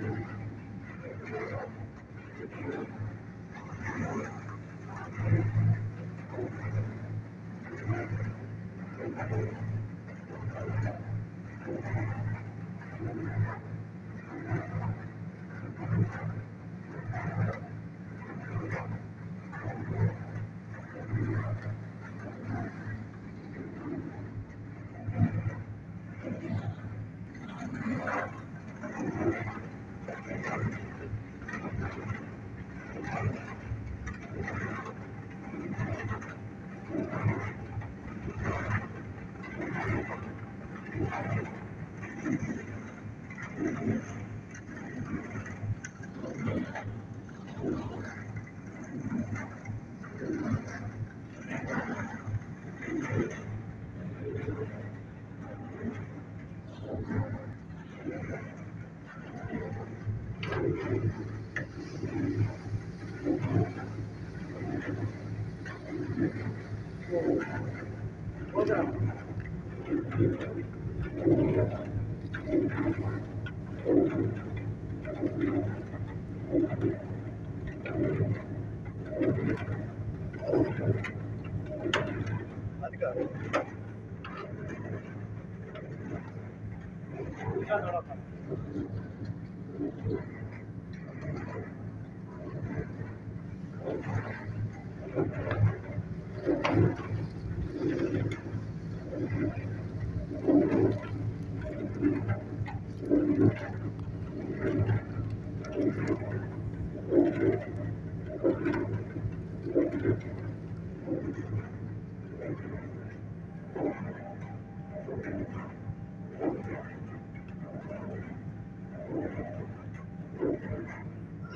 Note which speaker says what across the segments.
Speaker 1: Thank you. Gracias.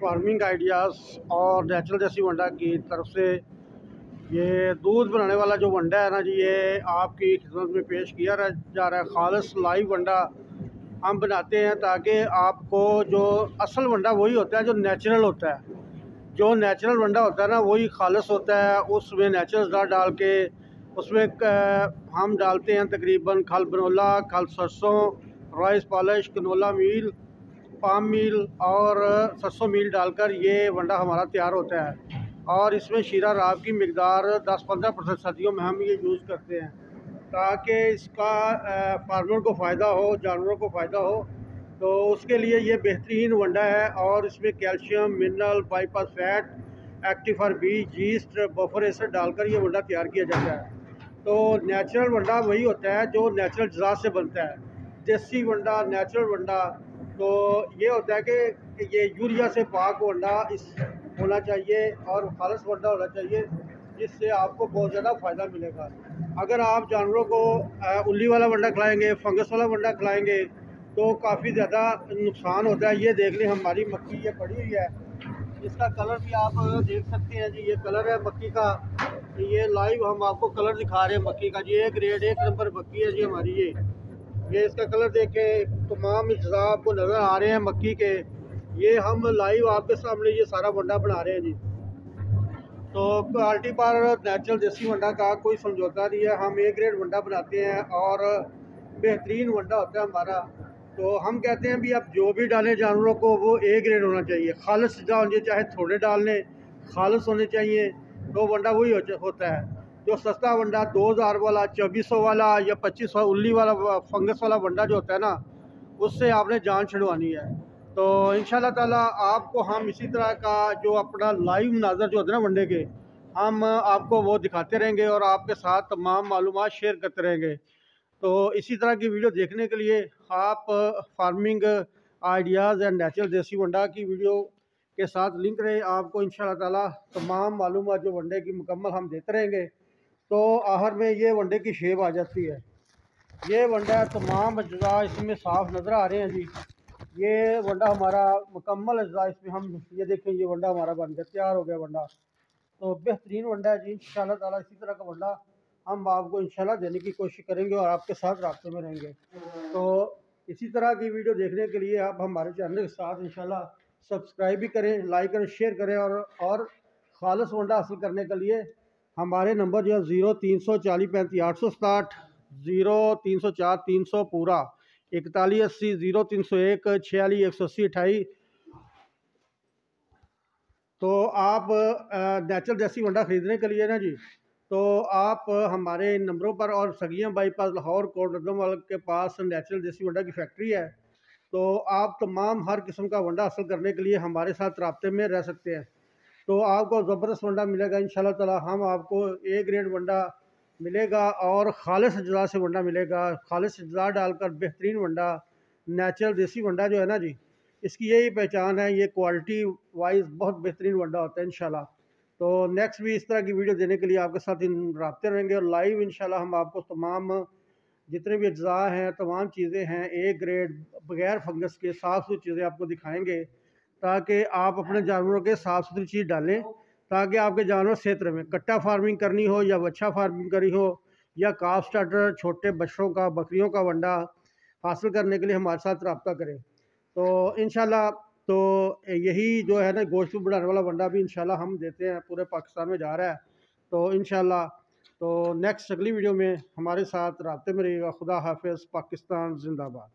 Speaker 1: Farming ideas और natural Desi Wanda की तरफ से ये दूध बनाने वाला जो वंडा है ना जी ये आपकी खिदमत में पेश किया जा रहा है खालस लाइव वंडा हम बनाते हैं ताकि आपको जो असल वंडा वही होता है जो नेचुरल होता है जो नेचुरल वंडा होता है ना वही खालस होता है उसमें नेचुरल डाल डाल के उसमें हम डालते हैं तकरीबन खल बनोला खल सरसों rice polish canola meal palm meal और सरसों मील डालकर ये वंडा हमारा तैयार होता है और इसमें शीरा राब की मकदार 10-15 परसेंट सर्दियों में हम ये यूज़ करते हैं ताकि इसका फार्मर को फ़ायदा हो जानवरों को फ़ायदा हो तो उसके लिए ये बेहतरीन वंडा है और इसमें कैल्शियम मिनरल बाईपास फैट एक्टिफर बी जीस्ट बफर एसड डालकर ये वंडा तैयार किया जाता है तो नेचुरल वंडा वही होता है जो नेचुरल जरा से बनता है देसी वंडा नेचुरल वंडा तो ये होता है कि ये यूरिया से पाक वंडा इस होना चाहिए और खालस वर्दा होना चाहिए जिससे आपको बहुत ज़्यादा फ़ायदा मिलेगा अगर आप जानवरों को उल्ली वाला वंडा खिलाएंगे फंगस वाला वंडा खिलाएंगे तो काफ़ी ज़्यादा नुकसान होता है ये देख लें हमारी मक्की ये पड़ी हुई है इसका कलर भी आप देख सकते हैं जी ये कलर है मक्की का ये लाइव हम आपको कलर दिखा रहे हैं मक्की का जी एक रेड एक नंबर मक्की है जी हमारी ये ये इसका कलर देखें तमाम इज्जा आपको नज़र आ रहे हैं मक्की के ये हम लाइव आपके सामने ये सारा वंडा बना रहे हैं जी तो क्वालिटी पर नेचुरल देसी वंडा का कोई समझौता नहीं है हम ए ग्रेड वंडा बनाते हैं और बेहतरीन वंडा होता है हमारा तो हम कहते हैं भी आप जो भी डालें जानवरों को वो ए ग्रेड होना चाहिए खालस डाल चाहे थोड़े डाल लें खालस होने चाहिए तो वंडा वही हो, होता है जो सस्ता वंडा दो हज़ार वाला चौबीस सौ वाला या पच्चीस सौ उल्ली वाला फंगस वाला वंडा जो होता है ना उससे आपने जान छुड़वानी है तो इन ताला आपको हम इसी तरह का जो अपना लाइव नाजर जो है ना वनडे के हम आपको वो दिखाते रहेंगे और आपके साथ तमाम मालूम शेयर करते रहेंगे तो इसी तरह की वीडियो देखने के लिए आप farming ideas and natural Desi Wanda की वीडियो के साथ लिंक रहे आपको इन ताला तमाम मालूम जो वनडे की मुकम्मल हम देते रहेंगे तो आहर में ये वनडे की शेप आ जाती है ये वनडा तमाम अज्जा इसमें साफ़ नज़र आ रहे हैं जी ये वंडा हमारा मुकम्मल अज्जा इसमें हम ये देखें ये वंडा हमारा बन गया तैयार हो गया वंडा तो बेहतरीन वंडा है जी इन तला इसी तरह का वंडा हम आपको इन देने की कोशिश करेंगे और आपके साथ रबते में रहेंगे तो इसी तरह की वीडियो देखने के लिए आप हमारे चैनल के साथ इन सब्सक्राइब भी करें लाइक करें शेयर करें और और खालस वंडा हासिल करने के लिए हमारे नंबर जो है ज़ीरो तीन सौ चालीस पैंतीस आठ सौ सताहठ ज़ीरो तीन सौ चार तीन सौ पूरा इकतालीस अस्सी ज़ीरो तीन सौ एक छियालीस एक सौ अस्सी अठाई तो आप नेचुरल देसी वंडा ख़रीदने के लिए ना जी तो आप हमारे नंबरों पर और सगियाँ बाईपास लाहौर कोट रदमवाल के पास नेचुरल देसी वंडा की फैक्ट्री है तो आप तमाम हर किस्म का वंडा हासिल करने के लिए हमारे साथ रबते में रह सकते हैं तो आपको ज़बरदस्त वंडा मिलेगा इन ताला हम आपको ए ग्रेड वंडा मिलेगा और खालिश अजा से वंडा मिलेगा खालिश अजा डालकर बेहतरीन वंडा नेचुरल देसी वंडा जो है ना जी इसकी यही पहचान है ये क्वालिटी वाइज बहुत बेहतरीन वंडा होता है इन तो नेक्स्ट भी इस तरह की वीडियो देने के लिए आपके साथ इन रबते रहेंगे और लाइव इन हम आपको तमाम जितने भी अज्जा हैं तमाम चीज़ें हैं ए ग्रेड बगैर फंगस के साफ़ सुथरी चीज़ें आपको दिखाएँगे ताकि आप अपने जानवरों के साफ़ सुथरी चीज़ डालें ताकि आपके जानवर क्षेत्र में कट्टा फार्मिंग करनी हो या बच्छा फार्मिंग करनी हो या काफ स्टार्टर छोटे बच्चों का बकरियों का वंडा हासिल करने के लिए हमारे साथ रबता करें तो इन तो यही जो है ना गोश्त बढ़ाने वाला वंडा भी इन हम देते हैं पूरे पाकिस्तान में जा रहा है तो इन तो नेक्स्ट अगली वीडियो में हमारे साथ रबते में रहिएगा खुदा हाफ पाकिस्तान जिंदाबाद